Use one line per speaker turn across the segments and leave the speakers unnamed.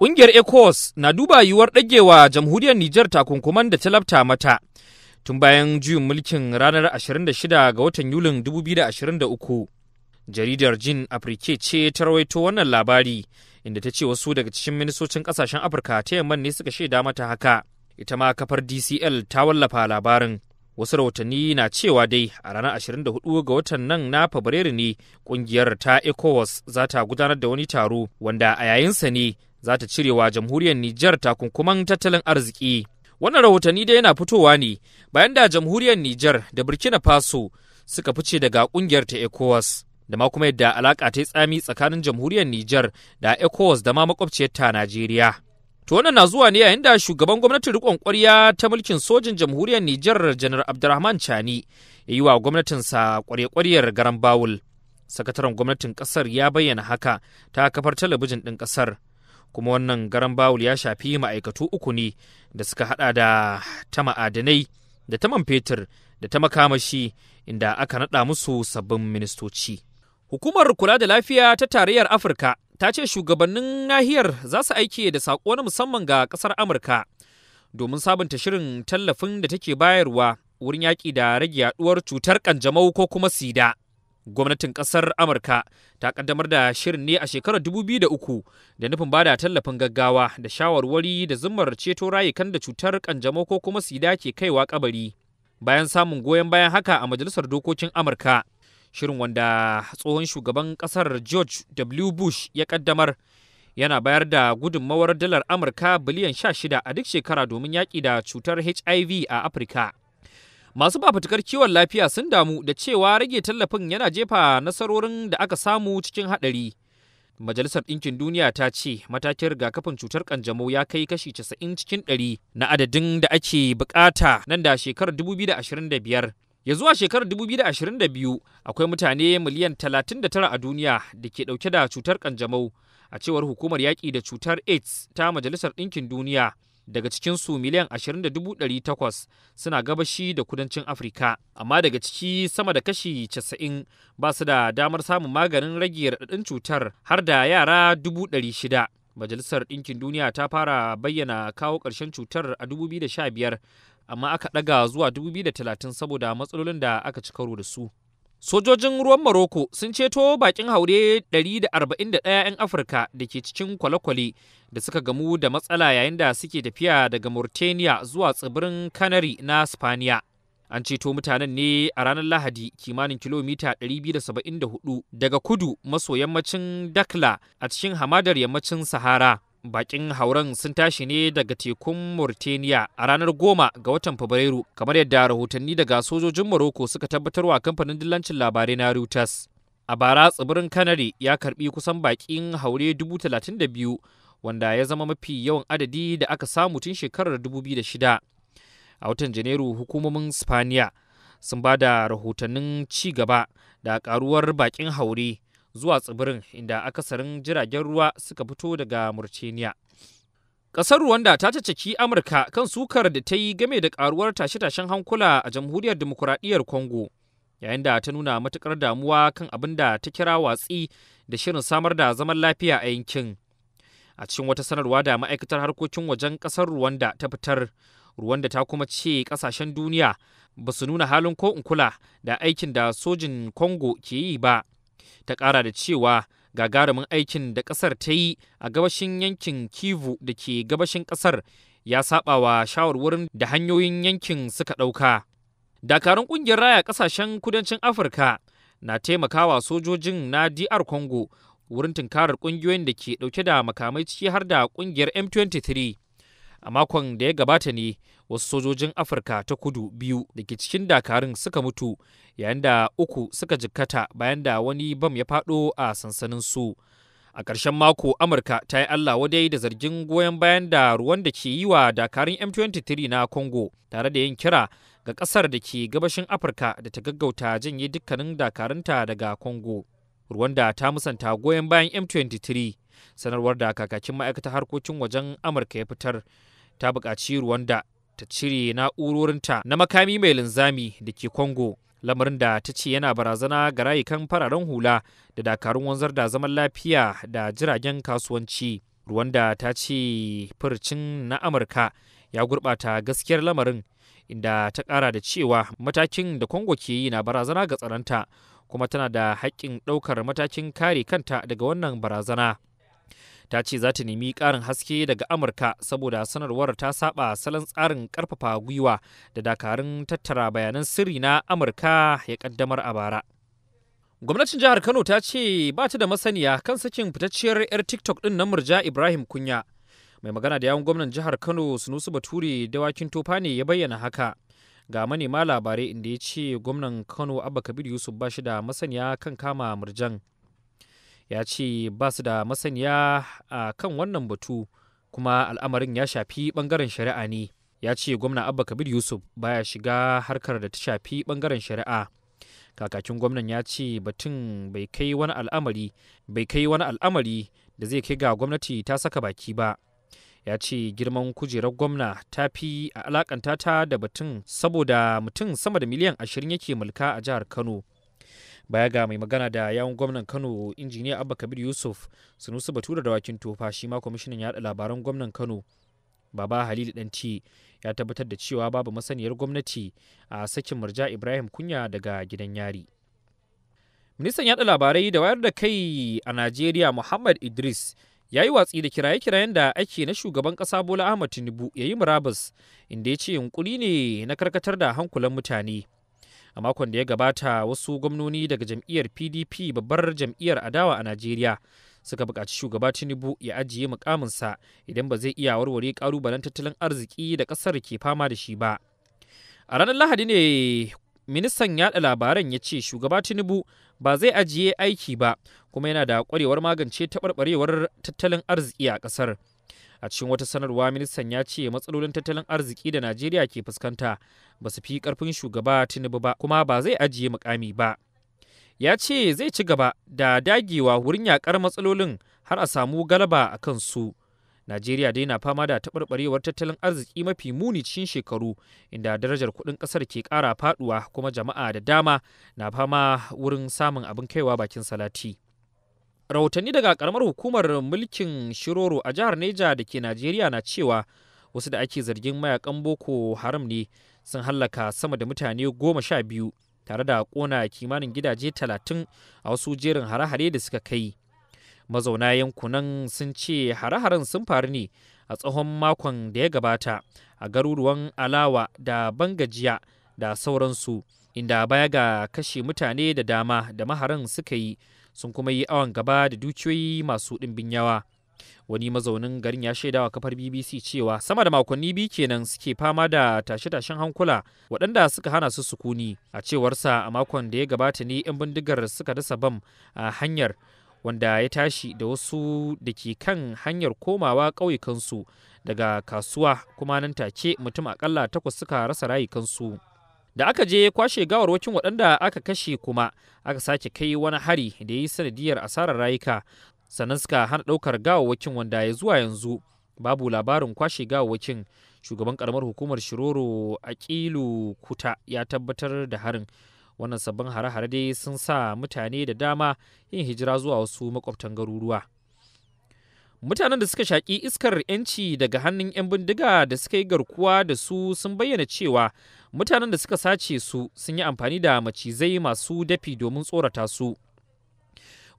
Ƙungiyar ECOWAS na duba yiwuwar ɗagewa jamhuriyar Nijar takunkuman da talabta mata. Tun bayan juyin mulkin ranar 26 ga watan Yulin 2023, jaridar Jin Afrike ce ta rawaito wannan labari, inda ta ce wasu daga cikin ministocin ƙasashen Afirka ta yamman ne suka shaida mata haka. Ita ma kafar DCL ta wallafa labarin. wasu rahotanni na cewa dai a ranar 24 ga watan nan na fabrairu ne ƙungiyar ta ecowas za ta gudanar da wani taro wanda a yayinsa ne za ta cirewa jamhuriyar Nijar takunkuman tattalin arziki. Wannan rahotanni dai yana fitowa ne bayan da jamhuriyar Nijar da Burkina Faso suka fice daga kungiyar ta ECOWAS. da ma kuma yadda alaka ta tsami tsakanin jamhuriyar Nijar da ECOWAS da ma makwabciyar ta Najeriya. To wannan na zuwa ne yayin da shugaban gwamnatin rikon kwarya ta mulkin sojin jamhuriyar Nijar Janar Abdulrahman Chani ya yi wa gwamnatinsa kwarye-kwaryar garan bawul. Sakataren gwamnatin ƙasar ya bayyana haka ta kafar talabijin ɗin ƙasar kuma wannan garan bawul ya shafi ma'aikatu uku ne da suka hada da ta ma'adanai da ta man fetur da ta makamashi inda aka nada musu sabbin ministoci hukumar kula da lafiya ta tarayyar afirka ta ce shugabannin nahiyar za su aiki da saƙo na musamman ga ƙasar amurka domin sabunta shirin tallafin da take bayarwa wurin yaƙi da rage yaɗuwar cutar ƙanjamau ko kuma sida gwamnatin ƙasar amurka ta ƙaddamar da shirin ne a shekarar 2003 da nufin bada tallafin gaggawa da shawarwari da zummar ceto rayukan da cutar kanjamau ko kuma sida ke kaiwa kabari bayan samun goyon bayan haka a majalisar dokokin amurka shirin wanda tsohon shugaban ƙasar george w bush ya ƙaddamar yana bayar da gudunmawar dalar amurka biliyan 16 a duk shekara domin yaƙi da cutar hiv a afirka Masu fafutukar kiwon lafiya sun damu da cewa rage tallafin yana jefa nasarorin da aka samu cikin haɗari. Majalisar Ɗinkin Duniya ta ce matakin rigakafin cutar kanjamau ya kai kashi casa'in cikin ɗari. na adadin da ake bukata nan da shekarar 2025. Ya zuwa shekarar 2022 akwai mutane miliyan tara a duniya da ke ɗauke da cutar ƙanjamau. a cewar hukumar yaƙi da cutar AIDS ta Majalisar Ɗinkin Duniya. daga cikin cikinsu miliyan 20,800 suna gabashi da kudancin afirka amma daga ciki sama da kashi 90 ba su da damar samun maganin rage raɗaɗin cutar har da yara 600 majalisar ɗinkin duniya ta fara bayyana kawo ƙarshen cutar a 2015 amma aka ɗaga zuwa 2030 saboda matsalolin da aka ci karo da su Sojojin ruwan Morocco sun ceto bakin haure 141 'yan Afirka da ke cikin kwalekwale da suka gamu da matsala yayin da suke tafiya daga Mauritania zuwa tsibirin Canary na Spaniya. An ceto mutanen ne a ranar Lahadi kimanin kilomita 274 daga kudu maso yammacin Dakla a cikin hamadar yammacin Sahara. bakin hauren sun tashi ne daga tekun Mauritania a ranar goma ga watan Fabrairu kamar yadda rahotanni daga sojojin Morocco suka tabbatarwa kamfanin dillancin labarai na Reuters. A bara tsibirin Canary ya karbi kusan bakin haure 32,000 wanda ya zama mafi yawan adadi da aka samu tun shekarar 2006. A watan Janairu hukumomin Spaniya sun ba da rahotannin ci gaba da karuwar bakin haure. zuwa tsibirin inda akasarin jiragen ruwa suka fito daga Murciniya. Ƙasar Rwanda ta caceki Amurka kan sukar da ta yi game da ƙaruwar tashe-tashen hankula a Jamhuriyar Dimokuraɗiyyar Kongo, yayin da ta nuna matuƙar damuwa kan abin da ta kira watsi da shirin samar da zaman lafiya a yankin. A cikin wata sanarwa da ma'aikatar harkokin wajen ƙasar Rwanda ta fitar, Rwanda ta kuma ce ƙasashen duniya ba su nuna halin ko in kula da aikin da sojin Kongo ke yi ba. ta ƙara da cewa gagarumin aikin da ƙasar ta yi a gabashin yankin kivu da ke gabashin ƙasar ya saba wa shawarwarin da hanyoyin yankin suka ɗauka dakarun ƙungiyar raya ƙasashen kudancin afirka na taimakawa sojojin na dr congo wurin tunkarar ƙungiyoyin da ke ɗauke da makamai ciki har da ƙungiyar m23 a makon da ya gabata ne wasu sojojin afirka ta kudu biyu da ke cikin dakarun suka mutu yayin da uku suka jikkata bayan da wani bam ya faɗo a sansanin su a ƙarshen mako amurka ta yi allah wadai da zargin goyon bayan da ruwan da ke yi wa dakarun m23 na congo tare da yin kira ga ƙasar da ke gabashin afirka da ta gaggauta janye dukkanin dakarunta daga congo ruwan da ta musanta goyon bayan M23 sanarwar da kakakin ma'aikatar harkokin wajen Amurka ya fitar ta buƙaci Rwanda ta cire na'urorinta na makami mai linzami da ke Congo, lamarin da ta ce yana barazana ga rayukan fararen hula da dakarun wanzar da zaman lafiya da jiragen kasuwanci. Rwanda ta ce furcin na Amurka ya gurɓata gaskiyar lamarin inda ta ƙara da cewa matakin da Congo ke yi na barazana ga tsaronta kuma tana da haƙƙin ɗaukar matakin kare kanta daga wannan barazana. ta ce za ta nemi ƙarin haske daga amurka saboda sanarwar ta saba salon tsarin ƙarfafa gwiwa da dakarun tattara bayanan sirri na amurka ya ƙaddamar a bara gwamnatin jihar kano ta ce ba ta da masaniya kan sakin fitacciyar 'yar tiktok ɗin na murja ibrahim kunya mai magana da yawun gwamnan jihar kano sunusu bature dawakin tofa ne ya bayyana haka ga manema labarai inda ya ce gwamnan kano abba kabir yusuf ba shi da masaniya kan kama murjan ya ce ba su da masaniya a kan wannan batu kuma al'amarin ya shafi bangaren shari'a ne ya ce gwamna abba kabir yusuf baya shiga harkar da ta shafi bangaren shari'a kakakin gwamnan ya ce batun bai kai wani al'amari bai kai wani al'amari da zai kai ga gwamnati ta saka baki ba ya ce girman kujerar gwamna ta fi a alakanta ta da batun saboda mutum sama da miliyan ashirin yake mulka a jihar kano baya ga mai magana da yawon gwamnan kano injiniya abba kabir yusuf sunusu batura da wakin tofa shi ma kwamishinan yada labaran gwamnan kano baba halilu danti ya tabbatar da cewa babu masaniyar gwamnati a sakin murja ibrahim kunya daga gidan yari ministan yaɗa labarai da wayar da kai a najeriya muhammad idris ya yi watsi da kiraye-kirayen da ake na shugaban ƙasa bola ahmad tinubu ya yi murabus inda ya ce yunkuri ne na karkatar da hankulan mutane a makon da ya gabata wasu gwamnoni daga jam'iyyar pdp babbar jam'iyyar adawa a najeriya suka buƙaci shugaba tinubu ya ajiye mukaminsa idan ba zai iya warware ƙalubalen tattalin arziki da ƙasar ke fama da shi ba a ranar lahadi ne ministan yada labaran ya ce shugaba tinubu ba zai ajiye aiki ba kuma yana da ƙwarewar magance taɓarɓarewar tattalin arziki a ƙasar a cikin wata sanarwa ministan ya ce matsalolin tattalin arziki da najeriya ke fuskanta ba su fi karfin shugaba tinubu ba kuma ba zai ajiye mukami ba ya ce zai ci gaba da dagewa wurin yakar matsalolin har a samu galaba a kan su. najeriya dai na fama da taɓarɓarewar tattalin arziki mafi muni cikin shekaru inda darajar kuɗin ƙasar ke ƙara faɗuwa kuma jama'a da dama na fama wurin samun abin kaiwa bakin salati rahotanni daga karamar hukumar mulkin shiroro a jihar neja da ke najeriya na cewa wasu da ake zargin mayakan boko haram ne sun hallaka sama da mutane goma sha biyu tare da kona kimanin gidaje talatin a wasu jerin hare-hare da suka kai mazauna yankunan sun ce hare-haren sun faru ne a tsohon makon da ya gabata a garuruwan alawa da bangajiya da sauransu inda baya ga kashe mutane da dama da maharan suka yi sun kuma yi awon gaba da dukiyoyi masu ɗimbin yawa wani mazaunin garin ya shaidawa kafar bbc cewa sama da makonni biyu kenan suke fama da tashe-tashen hankula waɗanda suka hana su sukuni a cewarsa a makon da ya gabata ne 'yan bindigar suka dasa bam a hanyar wanda ya tashi da wasu da ke kan hanyar komawa ƙauyukansu daga kasuwa kuma nan take mutum akalla takwas suka rasa rayukansu da aka je kwashe gawar gawarwakin waɗanda aka kashe kuma aka sake kai wani hari da ya yi sanadiyar asarar rayuka sannan suka hana ɗaukar gawarwakin wanda ya zuwa yanzu babu labarin kwashe gawarwakin shugaban karamar hukumar shiroro a kilu kuta ya tabbatar da harin wannan sabbin hare-hare dai sun sa mutane da dama yin hijira zuwa wasu makwabtan garuruwa mutanen da suka shaki iskar 'yanci daga hannun 'yan bindiga da suka yi garkuwa da su sun bayyana cewa mutanen da suka sace su sun yi amfani da macizai masu dafi domin tsorata su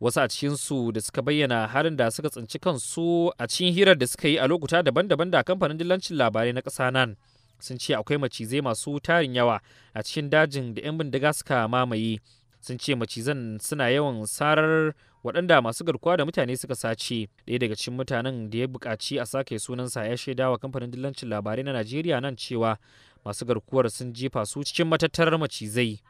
wasu a cikinsu da suka bayyana harin da suka tsinci kansu a cikin hirar da suka yi a lokuta daban-daban da kamfanin dillancin labarai na ƙasa nan sun ce akwai macizai masu tarin yawa a cikin dajin da 'yan bindiga suka mamaye sun ce macizan suna yawan sarar waɗanda masu garkuwa da mutane suka sace ɗaya daga cikin mutanen da ya buƙaci a sake sunansa ya shaida wa kamfanin dillancin labarai na najeriya nan cewa masu garkuwar sun jefa su cikin matattarar macizai